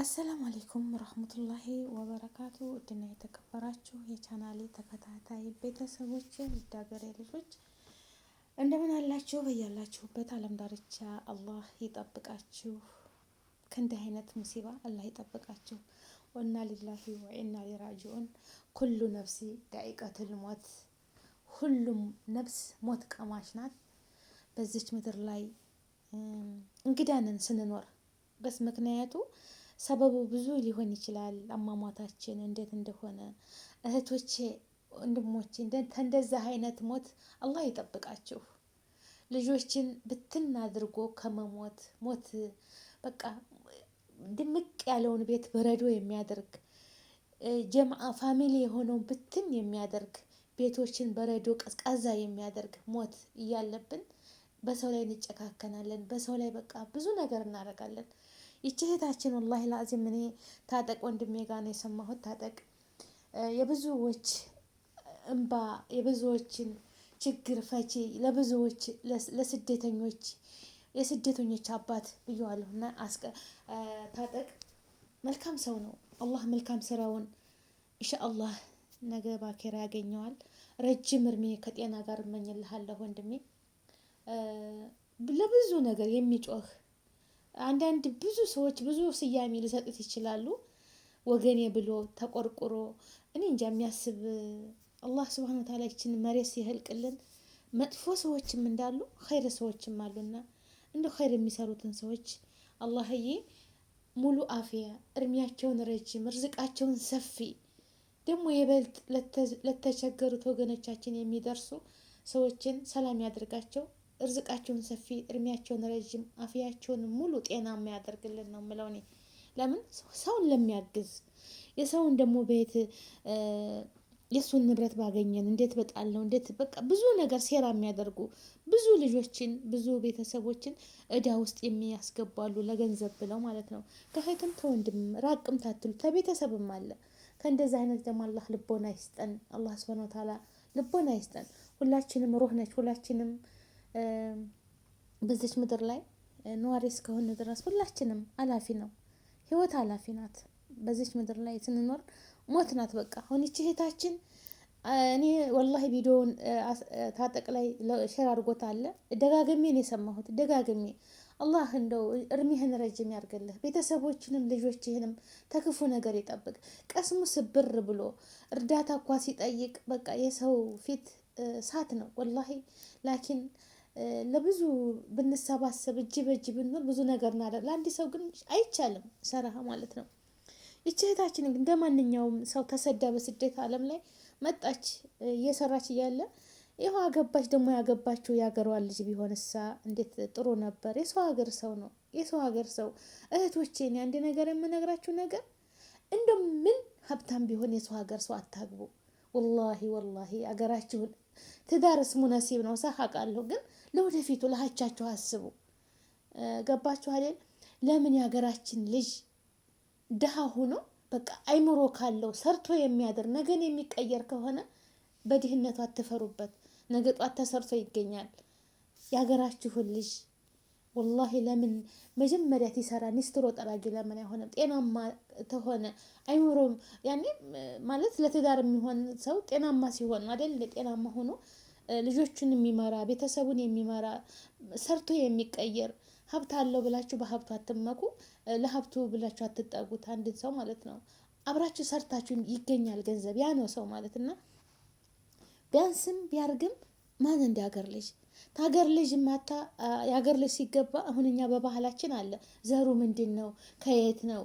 አሰላሙ አሌይኩም ረህመቱላሂ ወበረካቱ እድና የተከበራችሁ የቻናሌ ተከታታይ ቤተሰቦች ውድ ሀገሬ ልጆች እንደምን አላችሁ? በያላችሁበት አለም ዳርቻ አላህ ይጠብቃችሁ። ከእንዲህ አይነት ሙሲባ አላህ ይጠብቃችሁ። ወና ሊላሂ ወኢና ሊራጅዑን። ኩሉ ነፍሲ ዳኢቀቱል ሞት፣ ሁሉም ነፍስ ሞት ቀማሽ ናት። በዚች ምድር ላይ እንግዳንን ስንኖር በስ ምክንያቱ ሰበቡ ብዙ ሊሆን ይችላል። አሟሟታችን እንዴት እንደሆነ እህቶቼ፣ ወንድሞቼ ከእንደዚህ አይነት ሞት አላህ ይጠብቃችሁ። ልጆችን ብትን አድርጎ ከመሞት ሞት በቃ ድምቅ ያለውን ቤት በረዶ የሚያደርግ ጀምዓ ፋሚሊ የሆነውን ብትን የሚያደርግ ቤቶችን በረዶ ቀዝቃዛ የሚያደርግ ሞት እያለብን በሰው ላይ እንጨካከናለን። በሰው ላይ በቃ ብዙ ነገር እናደርጋለን። ይቺ እህታችን ወላሂ ላዚም እኔ ታጠቅ ወንድሜ ጋር ነው የሰማሁት። ታጠቅ የብዙዎች እምባ የብዙዎችን ችግር ፈቺ ለብዙዎች ለስደተኞች የስደተኞች አባት ብየዋለሁ። እና ታጠቅ መልካም ሰው ነው። አላህ መልካም ስራውን ኢንሻአላህ ነገ ባኬራ ያገኘዋል። ረጅም እርሜ ከጤና ጋር እመኝልሃለሁ ወንድሜ። ለብዙ ነገር የሚጮህ አንዳንድ ብዙ ሰዎች ብዙ ስያሜ ሊሰጡት ይችላሉ። ወገኔ ብሎ ተቆርቁሮ እኔ እንጃ የሚያስብ አላህ ስብሃነ ወተዓላ ይችን መሬት ሲህልቅልን መጥፎ ሰዎችም እንዳሉ ኸይር ሰዎችም አሉና እንደ ኸይር የሚሰሩትን ሰዎች አላህዬ ሙሉ አፍያ እድሜያቸውን ረጅም እርዝቃቸውን ሰፊ ደግሞ የበልጥ ለተቸገሩት ወገኖቻችን የሚደርሱ ሰዎችን ሰላም ያድርጋቸው። እርዝቃቸውን ሰፊ፣ እድሜያቸውን ረዥም፣ አፍያቸውን ሙሉ ጤና የሚያደርግልን ነው የምለው እኔ። ለምን ሰውን ለሚያግዝ የሰውን ደግሞ ቤት የእሱን ንብረት ባገኘን እንዴት ነው እንዴት በቃ ብዙ ነገር ሴራ የሚያደርጉ ብዙ ልጆችን ብዙ ቤተሰቦችን እዳ ውስጥ የሚያስገባሉ ለገንዘብ ብለው ማለት ነው። ከእህትም ተወንድም ራቅም ታትሉ ከቤተሰብም አለ። ከእንደዚህ አይነት ደግሞ አላህ ልቦና ይስጠን። አላህ ስብሃነ ወተዓላ ልቦና ይስጠን። ሁላችንም ሩህ ነች። ሁላችንም በዚች ምድር ላይ ነዋሪ እስከሆነ ድረስ ሁላችንም አላፊ ነው። ህይወት አላፊ ናት። በዚች ምድር ላይ ስንኖር ሞት ናት። በቃ አሁን ይቺ እህታችን እኔ ወላሂ ቪዲዮውን ታጠቅ ላይ ሸር አድርጎታ አለ ደጋግሜ ነው የሰማሁት። ደጋግሜ አላህ እንደው እርሜህን ረጅም ያርግልህ፣ ቤተሰቦችንም ልጆችህንም ተክፉ ነገር ይጠብቅ። ቀስሙ ስብር ብሎ እርዳታ እኳ ሲጠይቅ በቃ የሰው ፊት እሳት ነው ወላሂ ላኪን ለብዙ ብንሰባሰብ እጅ በእጅ ብንኖር ብዙ ነገር እናደርግ፣ ለአንድ ሰው ግን አይቻልም ሰራህ ማለት ነው። ይች እህታችን እንደ ማንኛውም ሰው ተሰዳ በስደት ዓለም ላይ መጣች እየሰራች እያለ ይኸው አገባች። ደግሞ ያገባችው የሀገሯ ልጅ ቢሆንሳ እንዴት ጥሩ ነበር። የሰው ሀገር ሰው ነው፣ የሰው ሀገር ሰው። እህቶቼ አንድ ነገር የምነግራችሁ ነገር እንደምን ምን ሀብታም ቢሆን የሰው ሀገር ሰው አታግቡ። ወላሂ ወላሂ አገራችሁን ትዳር እስሙ ነሲብ ነው። ሳህ አውቃለሁ፣ ግን ለወደፊቱ ለሀቻችሁ አስቡ። ገባችሁ አይደል? ለምን የሀገራችን ልጅ ድሃ ሆኖ በቃ አይምሮ ካለው ሰርቶ የሚያድር ነገን የሚቀየር ከሆነ በድህነቱ አትፈሩበት። ነገ ጧት ተሰርቶ ይገኛል። የሀገራችሁን ልጅ ወላሂ ለምን መጀመሪያ ትሰራ ኒስትሮ ጠራጊ ለምን አይሆንም? ጤናማ ተሆነ አይምሮም ያኔ ማለት ለትዳር የሚሆን ሰው ጤናማ ሲሆን አይደል? ጤናማ ሆኖ ልጆቹን የሚመራ ቤተሰቡን የሚመራ ሰርቶ የሚቀየር ሀብት አለው ብላችሁ በሀብቱ አትመኩ፣ ለሀብቱ ብላችሁ አትጠጉት። አንድን ሰው ማለት ነው አብራችሁ ሰርታችሁ ይገኛል ገንዘብ ያ ነው ሰው ማለት እና ቢያንስም ቢያርግም ማን እንደ ሀገር ልጅ ታገር ልጅ ማታ የሀገር ልጅ ሲገባ አሁን እኛ በባህላችን አለ ዘሩ ምንድን ነው፣ ከየት ነው፣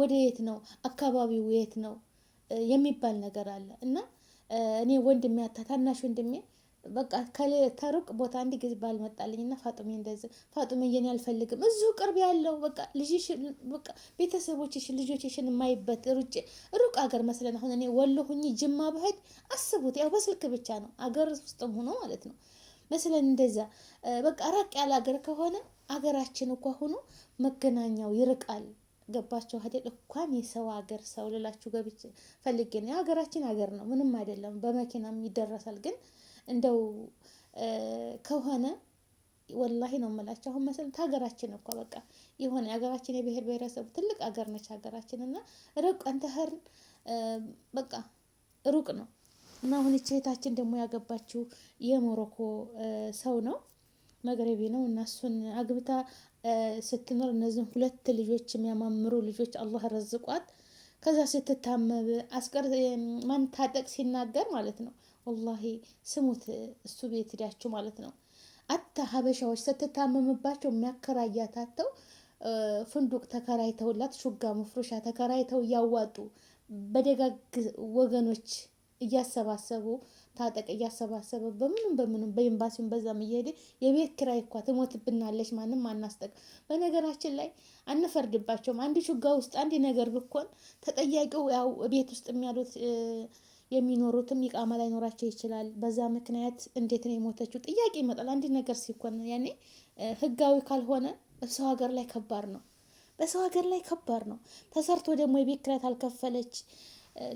ወደ የት ነው፣ አካባቢው የት ነው የሚባል ነገር አለ እና እኔ ወንድሜ ያታ ታናሽ ወንድሜ በቃ ተሩቅ ቦታ አንድ ጊዜ ባልመጣልኝ እና ፋጡሜ እንደዚህ ፋጡሜ የኔ አልፈልግም እዙ ቅርብ ያለው በቃ ልጅሽን በቃ ቤተሰቦችሽን ልጆችሽን የማይበት ሩጭ ሩቅ አገር መስለን አሁን እኔ ወሎ ሁኝ ጅማ ብሄድ አስቡት፣ ያው በስልክ ብቻ ነው አገር ውስጥም ሆኖ ማለት ነው መስለን እንደዛ በቃ ራቅ ያለ ሀገር ከሆነ አገራችን እኳ ሆኖ መገናኛው ይርቃል። ገባቸው አይደል? እንኳን የሰው ሀገር ሰው ልላችሁ ገብቼ ፈልጌ ነው። የሀገራችን ሀገር ነው፣ ምንም አይደለም። በመኪናም ይደረሳል። ግን እንደው ከሆነ ወላሂ ነው የምላቸው። አሁን መሰል ሀገራችን እኳ በቃ የሆነ የሀገራችን የብሔር ብሔረሰቡ ትልቅ ሀገር ነች ሀገራችን እና ርቅ አንተ ህር በቃ ሩቅ ነው እና አሁን እህታችን ደግሞ ያገባችው የሞሮኮ ሰው ነው፣ መግረቢ ነው። እና እሱን አግብታ ስትኖር እነዚህን ሁለት ልጆች የሚያማምሩ ልጆች አላህ ረዝቋት ከዛ ስትታመብ አስቀር ማን ታጠቅ ሲናገር ማለት ነው። ወላሂ ስሙት፣ እሱ ቤት ማለት ነው። አታ ሀበሻዎች ስትታመምባቸው የሚያከራያታተው ፍንዱቅ ተከራይተውላት ሹጋ መፍሮሻ ተከራይተው እያዋጡ በደጋግ ወገኖች እያሰባሰቡ ታጠቀ እያሰባሰበ በምንም በምንም በኤምባሲውን በዛም እየሄደ የቤት ኪራይ እኳ ትሞትብናለች። ማንም አናስጠቅ። በነገራችን ላይ አንፈርድባቸውም። አንድ ችጋ ውስጥ አንድ ነገር ብኮን ተጠያቂው ያው ቤት ውስጥ የሚያሉት የሚኖሩትም ይቃማ ላይ ኖራቸው ይችላል። በዛ ምክንያት እንዴት ነው የሞተችው ጥያቄ ይመጣል። አንድ ነገር ሲኮን ያኔ ህጋዊ ካልሆነ በሰው ሀገር ላይ ከባድ ነው። በሰው ሀገር ላይ ከባድ ነው። ተሰርቶ ደግሞ የቤት ኪራይ አልከፈለች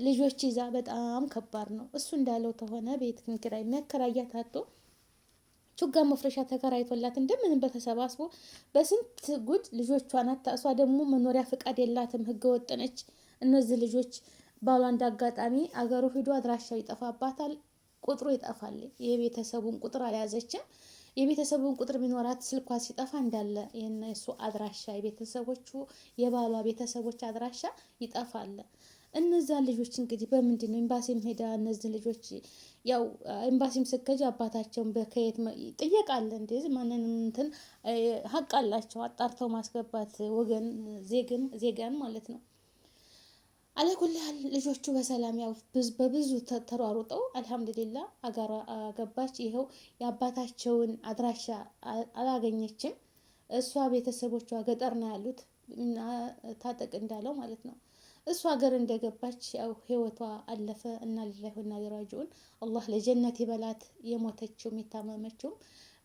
ልጆች ይዛ በጣም ከባድ ነው። እሱ እንዳለው ከሆነ ቤት ኪራይ የሚያከራያት አቶ ቹጋ መፍረሻ ተከራይቶላት እንደምንም በተሰባስቦ በስንት ጉድ ልጆቿን አታ እሷ ደግሞ መኖሪያ ፍቃድ የላትም፣ ህገ ወጥ ነች። እነዚህ ልጆች ባሏ እንደ አጋጣሚ አገሩ ሂዶ አድራሻው ይጠፋባታል፣ ቁጥሩ ይጠፋል። የቤተሰቡን ቁጥር አልያዘችም። የቤተሰቡን ቁጥር ቢኖራት ስልኳ ሲጠፋ እንዳለ የእሱ አድራሻ የቤተሰቦቹ የባሏ ቤተሰቦች አድራሻ ይጠፋል። እነዛን ልጆች እንግዲህ በምንድን ነው ኤምባሲም ሄዳ እነዚህ ልጆች ያው ኤምባሲም ስከጅ አባታቸውን በከየት ጥየቅ አለ እንደ ማንንም እንትን ሀቅ አላቸው አጣርተው ማስገባት ወገን ዜግን ዜጋን ማለት ነው። አለኩልህል ልጆቹ በሰላም ያው በብዙ ተሯሩጠው አልሐምዱሊላ አገሯ ገባች። ይኸው የአባታቸውን አድራሻ አላገኘችም። እሷ ቤተሰቦቿ ገጠር ነው ያሉት ታጠቅ እንዳለው ማለት ነው። እሱ ሀገር እንደገባች ያው ህይወቷ አለፈ እና ሌላ ወና ራጂዑን። አላህ ለጀነት ይበላት። የሞተችውም የታመመችውም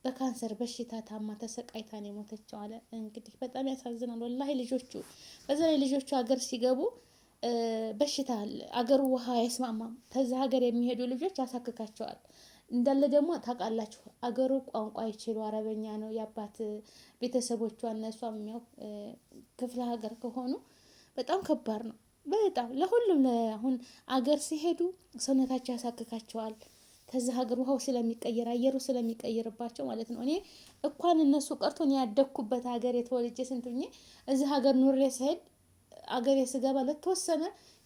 በካንሰር በሽታ ታማ ተሰቃይታ ነው የሞተችው አለ። እንግዲህ በጣም ያሳዝናል ወላሂ ልጆቹ፣ በዛ ላይ ልጆቹ ሀገር ሲገቡ በሽታ አለ። አገሩ ውሃ አይስማማም። ከዛ ሀገር የሚሄዱ ልጆች ያሳክካቸዋል። እንዳለ ደግሞ ታውቃላችሁ አገሩ ቋንቋ ይችሉ አረበኛ ነው የአባት ቤተሰቦቿ እነሷም ያው ክፍለ ሀገር ከሆኑ በጣም ከባድ ነው። በጣም ለሁሉም አሁን አገር ሲሄዱ ሰውነታቸው ያሳክካቸዋል። ከዚ ሀገር ውሃው ስለሚቀየር አየሩ ስለሚቀየርባቸው ማለት ነው። እኔ እኳን እነሱ ቀርቶ እኔ ያደግኩበት ሀገር የተወልጄ ስንትኜ እዚህ ሀገር ኑሬ ስሄድ አገር ስገባ ለተወሰነ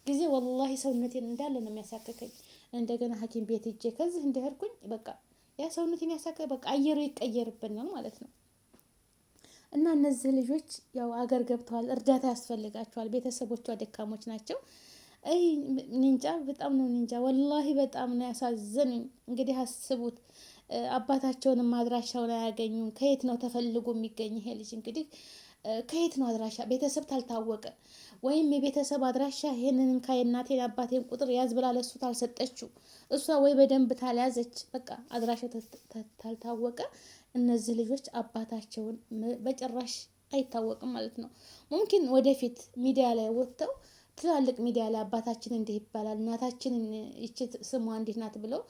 ጊዜ ወላሂ ሰውነቴን እንዳለ ነው የሚያሳክከኝ። እንደገና ሐኪም ቤት እጄ ከዚህ እንደሄድኩኝ በቃ ያ ሰውነቴን የሚያሳክከኝ በቃ አየሩ ይቀየርብናል ማለት ነው። እና እነዚህ ልጆች ያው አገር ገብተዋል፣ እርዳታ ያስፈልጋቸዋል። ቤተሰቦቿ ደካሞች ናቸው። ይ ኒንጃ በጣም ነው ኒንጃ፣ ወላሂ በጣም ነው ያሳዘኑኝ። እንግዲህ አስቡት፣ አባታቸውንም አድራሻውን አያገኙም። ከየት ነው ተፈልጎ የሚገኝ ይሄ ልጅ? እንግዲህ ከየት ነው አድራሻ? ቤተሰብ ታልታወቀ ወይም የቤተሰብ አድራሻ ይህንን እንካ የእናቴን አባቴን ቁጥር ያዝ ብላ ለእሱ ታልሰጠችው እሷ ወይ በደንብ ታልያዘች፣ በቃ አድራሻ ታልታወቀ እነዚህ ልጆች አባታቸውን በጭራሽ አይታወቅም ማለት ነው። ሙምኪን ወደፊት ሚዲያ ላይ ወጥተው ትላልቅ ሚዲያ ላይ አባታችን እንዲህ ይባላል፣ እናታችን ይች ስሟ እንዲህ ናት ብለው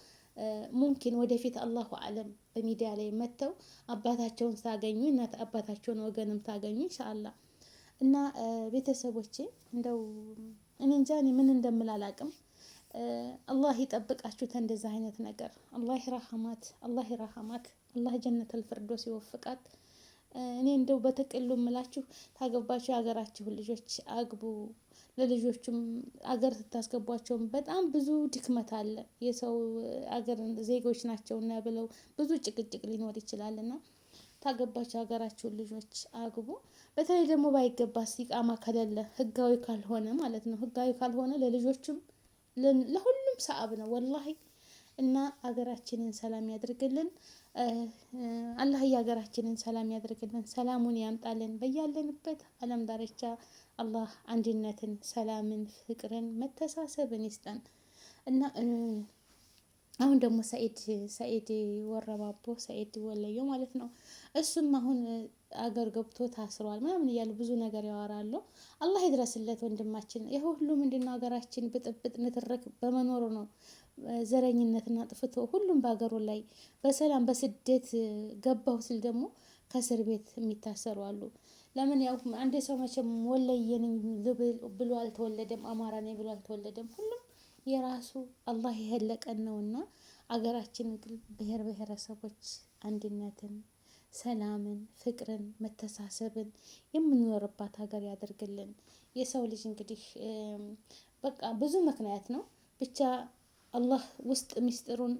ሙምኪን ወደፊት አላሁ አለም በሚዲያ ላይ መጥተው አባታቸውን ሳገኙ እናት አባታቸውን ወገንም ታገኙ እንሻአላ እና ቤተሰቦቼ እንደው እኔ እንጃ እኔ ምን እንደምል አላቅም። አላህ ይጠብቃችሁ ተእንደዛ አይነት ነገር አላህ ይራህማት፣ አላህ ይራህማት። አላህ ጀነት ፊርደውስ ይወፍቃት። እኔ እንደው በተቀሉ የምላችሁ ታገባችሁ የሀገራችሁን ልጆች አግቡ። ለልጆቹም አገር ስታስገቧቸውም በጣም ብዙ ድክመት አለ። የሰው አገር ዜጎች ናቸውና ብለው ብዙ ጭቅጭቅ ሊኖር ይችላልና ታገባችሁ የሀገራችሁን ልጆች አግቡ። በተለይ ደግሞ ባይገባ ኢቃማ ከሌለ ህጋዊ ካልሆነ ማለት ነው። ህጋዊ ካልሆነ ለልጆችም ለሁሉም ሰአብ ነው ወላሂ። እና አገራችንን ሰላም ያድርግልን። አላህ የሀገራችንን ሰላም ያደርግልን፣ ሰላሙን ያምጣልን። በያለንበት ዓለም ዳርቻ አላህ አንድነትን፣ ሰላምን፣ ፍቅርን፣ መተሳሰብን ይስጠን እና አሁን ደግሞ ሰኢድ ሰኢድ ወረባቦ ሰኢድ ወለየው ማለት ነው። እሱም አሁን አገር ገብቶ ታስሯል ምናምን እያሉ ብዙ ነገር ያወራሉ። አላህ ይድረስለት ወንድማችን። ይህ ሁሉ ምንድነው ሀገራችን ብጥብጥ፣ ንትርክ በመኖሩ ነው። ዘረኝነትና ጥፍቶ ሁሉም በሀገሩ ላይ በሰላም በስደት ገባሁ ሲል ደግሞ ከእስር ቤት የሚታሰሩ አሉ። ለምን ያው አንድ ሰው መቼም ወለየ ብሎ አልተወለደም፣ አማራ ነኝ ብሎ አልተወለደም። ሁሉም የራሱ አላህ የሄለቀን እና አገራችን ግን ብሔር ብሔረሰቦች አንድነትን፣ ሰላምን፣ ፍቅርን፣ መተሳሰብን የምንኖርባት ሀገር ያደርግልን። የሰው ልጅ እንግዲህ በቃ ብዙ ምክንያት ነው ብቻ አላህ ውስጥ ሚስጥሩን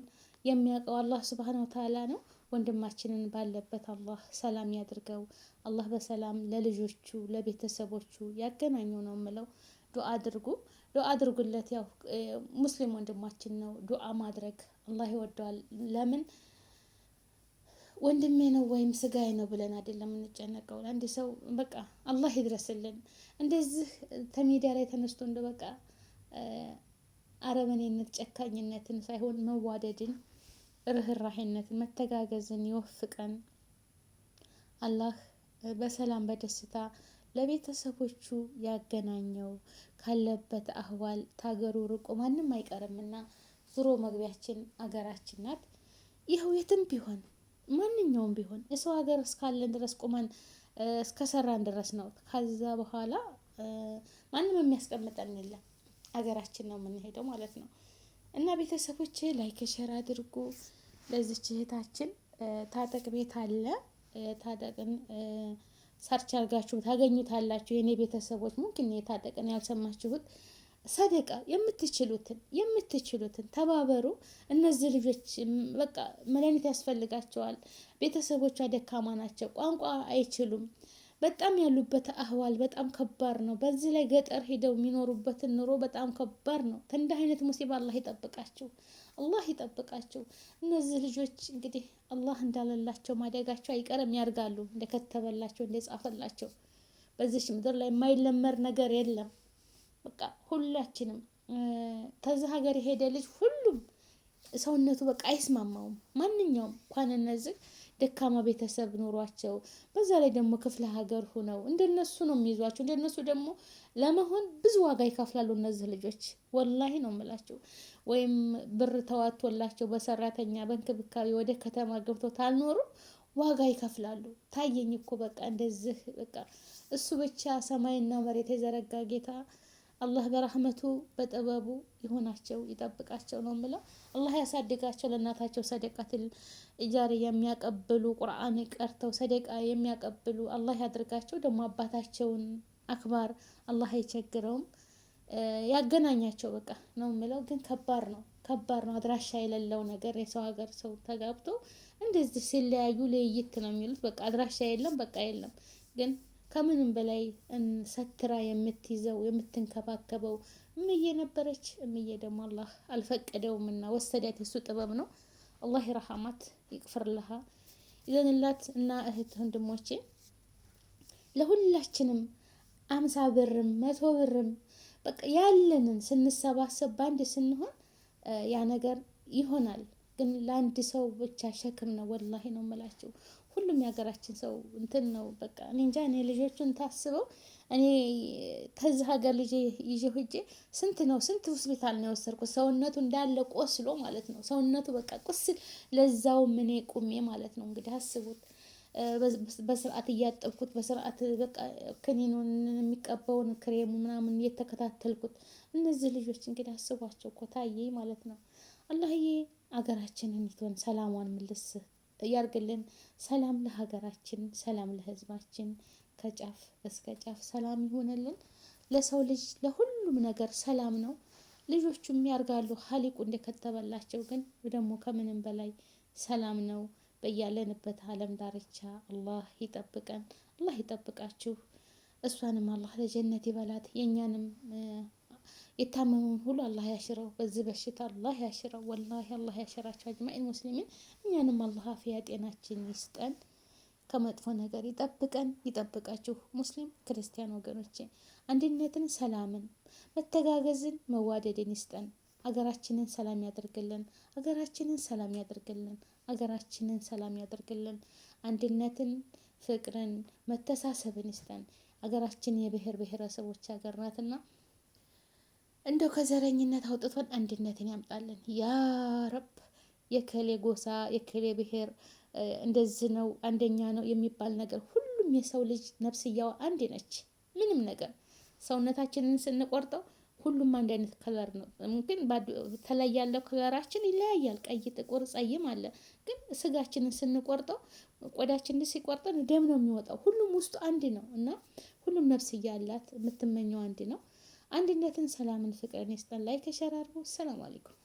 የሚያውቀው አላህ ስብሃነሁ ወተዓላ ነው። ወንድማችንን ባለበት አላህ ሰላም ያድርገው። አላህ በሰላም ለልጆቹ ለቤተሰቦቹ ያገናኘው ነው የምለው። ዱአ አድርጉ፣ ዱአ አድርጉለት። ያው ሙስሊም ወንድማችን ነው። ዱአ ማድረግ አላህ ይወደዋል። ለምን ወንድሜ ነው ወይም ስጋዬ ነው ብለን አይደለም የምንጨነቀው። ለአንድ ሰው በቃ አላህ ይድረስልን። እንደዚህ ተሜዳ ላይ ተነስቶ እንደ በቃ አረመኔነት፣ ጨካኝነትን ሳይሆን መዋደድን፣ ርኅራሄነትን፣ መተጋገዝን ይወፍቀን። አላህ በሰላም በደስታ ለቤተሰቦቹ ያገናኘው። ካለበት አህዋል ታገሩ ርቆ ማንም አይቀርምና ዙሮ መግቢያችን አገራችን ናት። ይኸው የትም ቢሆን ማንኛውም ቢሆን የሰው ሀገር እስካለን ድረስ ቁመን እስከሰራን ድረስ ነው። ከዛ በኋላ ማንም የሚያስቀምጠን የለም። አገራችን ነው የምንሄደው ማለት ነው። እና ቤተሰቦች ላይክ ሸር አድርጉ። ለዚች እህታችን ታጠቅ ቤት አለ። ታጠቅን ሰርች አርጋችሁ ታገኙታላችሁ። የእኔ ቤተሰቦች ሙምኪን የታጠቅን ያልሰማችሁት ሰደቃ የምትችሉትን የምትችሉትን ተባበሩ። እነዚህ ልጆች በቃ መድኃኒት ያስፈልጋቸዋል። ቤተሰቦቿ ደካማ ናቸው፣ ቋንቋ አይችሉም። በጣም ያሉበት አህዋል በጣም ከባድ ነው። በዚህ ላይ ገጠር ሄደው የሚኖሩበትን ኑሮ በጣም ከባድ ነው። ከእንደ አይነት ሙሲባ አላህ ይጠብቃቸው፣ አላህ ይጠብቃቸው። እነዚህ ልጆች እንግዲህ አላህ እንዳለላቸው ማደጋቸው አይቀርም፣ ያድጋሉ እንደከተበላቸው እንደጻፈላቸው። በዚች ምድር ላይ የማይለመር ነገር የለም። በቃ ሁላችንም ከዚህ ሀገር የሄደ ልጅ ሁሉም ሰውነቱ በቃ አይስማማውም። ማንኛውም እንኳን እነዚህ ደካማ ቤተሰብ ኑሯቸው፣ በዛ ላይ ደግሞ ክፍለ ሀገር ሁነው እንደነሱ ነው የሚይዟቸው። እንደነሱ ደግሞ ለመሆን ብዙ ዋጋ ይከፍላሉ እነዚህ ልጆች። ወላሂ ነው የምላቸው። ወይም ብር ተዋቶላቸው በሰራተኛ በእንክብካቤ ወደ ከተማ ገብተው ታልኖሩ ዋጋ ይከፍላሉ። ታየኝ እኮ በቃ እንደዚህ በቃ እሱ ብቻ ሰማይና መሬት የዘረጋ ጌታ አላህ በረህመቱ በጥበቡ ይሆናቸው ይጠብቃቸው ነው ምለው። አላህ ያሳድጋቸው። ለእናታቸው ሰደቃትል እጃሪያ የሚያቀብሉ ቁርአን ቀርተው ሰደቃ የሚያቀብሉ አላህ ያድርጋቸው። ደግሞ አባታቸውን አክባር አላህ አይቸግረውም፣ ያገናኛቸው በቃ ነው ምለው። ግን ከባድ ነው ከባድ ነው። አድራሻ የሌለው ነገር የሰው ሀገር ሰው ተጋብቶ እንደዚህ ሲለያዩ ለይት ነው የሚሉት። በቃ አድራሻ የለም በቃ የለም ግን ከምንም በላይ ሰትራ የምትይዘው የምትንከባከበው እምዬ ነበረች። እምዬ ደግሞ አላህ አልፈቀደውም እና ወሰዳት። የሱ ጥበብ ነው። አላህ ይረሃማት ይቅፍርልሃ ይዘንላት እና እህት ወንድሞቼ ለሁላችንም አምሳ ብርም መቶ ብርም በቃ ያለንን ስንሰባሰብ በአንድ ስንሆን ያ ነገር ይሆናል። ግን ለአንድ ሰው ብቻ ሸክም ነው። ወላሂ ነው የምላችሁ። ሁሉም የሀገራችን ሰው እንትን ነው። በቃ እኔ እንጃ እኔ ልጆቹን ታስበው እኔ ከዚህ ሀገር ልጅ ይዤ ሂጄ ስንት ነው ስንት ሆስፒታል ነው የወሰድኩት። ሰውነቱ እንዳለ ቆስሎ ማለት ነው። ሰውነቱ በቃ ቁስል፣ ለዛውም እኔ ቁሜ ማለት ነው። እንግዲህ አስቡት። በስርዓት እያጠብኩት በስርዓት በቃ ክኒኑን የሚቀባውን ክሬሙ ምናምን እየተከታተልኩት እነዚህ ልጆች እንግዲህ አስቧቸው እኮ ታዬ ማለት ነው። አላህዬ አገራችንን ይቶን ሰላሟን ምልስ ያርግልን። ሰላም ለሀገራችን፣ ሰላም ለህዝባችን፣ ከጫፍ እስከ ጫፍ ሰላም ይሆንልን። ለሰው ልጅ ለሁሉም ነገር ሰላም ነው። ልጆቹም ያርጋሉ ሀሊቁ እንደከተበላቸው። ግን ደግሞ ከምንም በላይ ሰላም ነው። በያለንበት አለም ዳርቻ አላህ ይጠብቀን፣ አላህ ይጠብቃችሁ። እሷንም አላህ ለጀነት ይበላት የእኛንም የታመመውን ሁሉ አላህ ያሽረው። በዚህ በሽታ አላህ ያሽረው። ወላሂ አላህ ያሽራቸው አጅማኢን ሙስሊሚን። እኛንም አላህ አፍያ ጤናችን ይስጠን፣ ከመጥፎ ነገር ይጠብቀን፣ ይጠብቃችሁ። ሙስሊም ክርስቲያን ወገኖቼ አንድነትን፣ ሰላምን፣ መተጋገዝን፣ መዋደድን ይስጠን። አገራችንን ሰላም ያደርግልን። አገራችንን ሰላም ያደርግልን። አገራችንን ሰላም ያደርግልን። አንድነትን፣ ፍቅርን፣ መተሳሰብን ይስጠን። አገራችን የብሔር ብሔረሰቦች ሀገር ናትና እንደው ከዘረኝነት አውጥቶን አንድነትን ያምጣለን። ያ ረብ። የከሌ ጎሳ የከሌ ብሔር እንደዚህ ነው አንደኛ ነው የሚባል ነገር ሁሉም የሰው ልጅ ነፍስያዋ አንድ ነች። ምንም ነገር ሰውነታችንን ስንቆርጠው ሁሉም አንድ አይነት ከለር ነው። ግን ተለይ ያለው ከለራችን ይለያያል። ቀይ፣ ጥቁር፣ ጸይም አለ። ግን ስጋችንን ስንቆርጠው ቆዳችንን ሲቆርጠን ደም ነው የሚወጣው። ሁሉም ውስጡ አንድ ነው እና ሁሉም ነፍስ አላት። የምትመኘው አንድ ነው። አንድነትን፣ ሰላምን፣ ፍቅርን ይስጠን። ላይክ ሸር አድርጉ። ሰላም አለይኩም።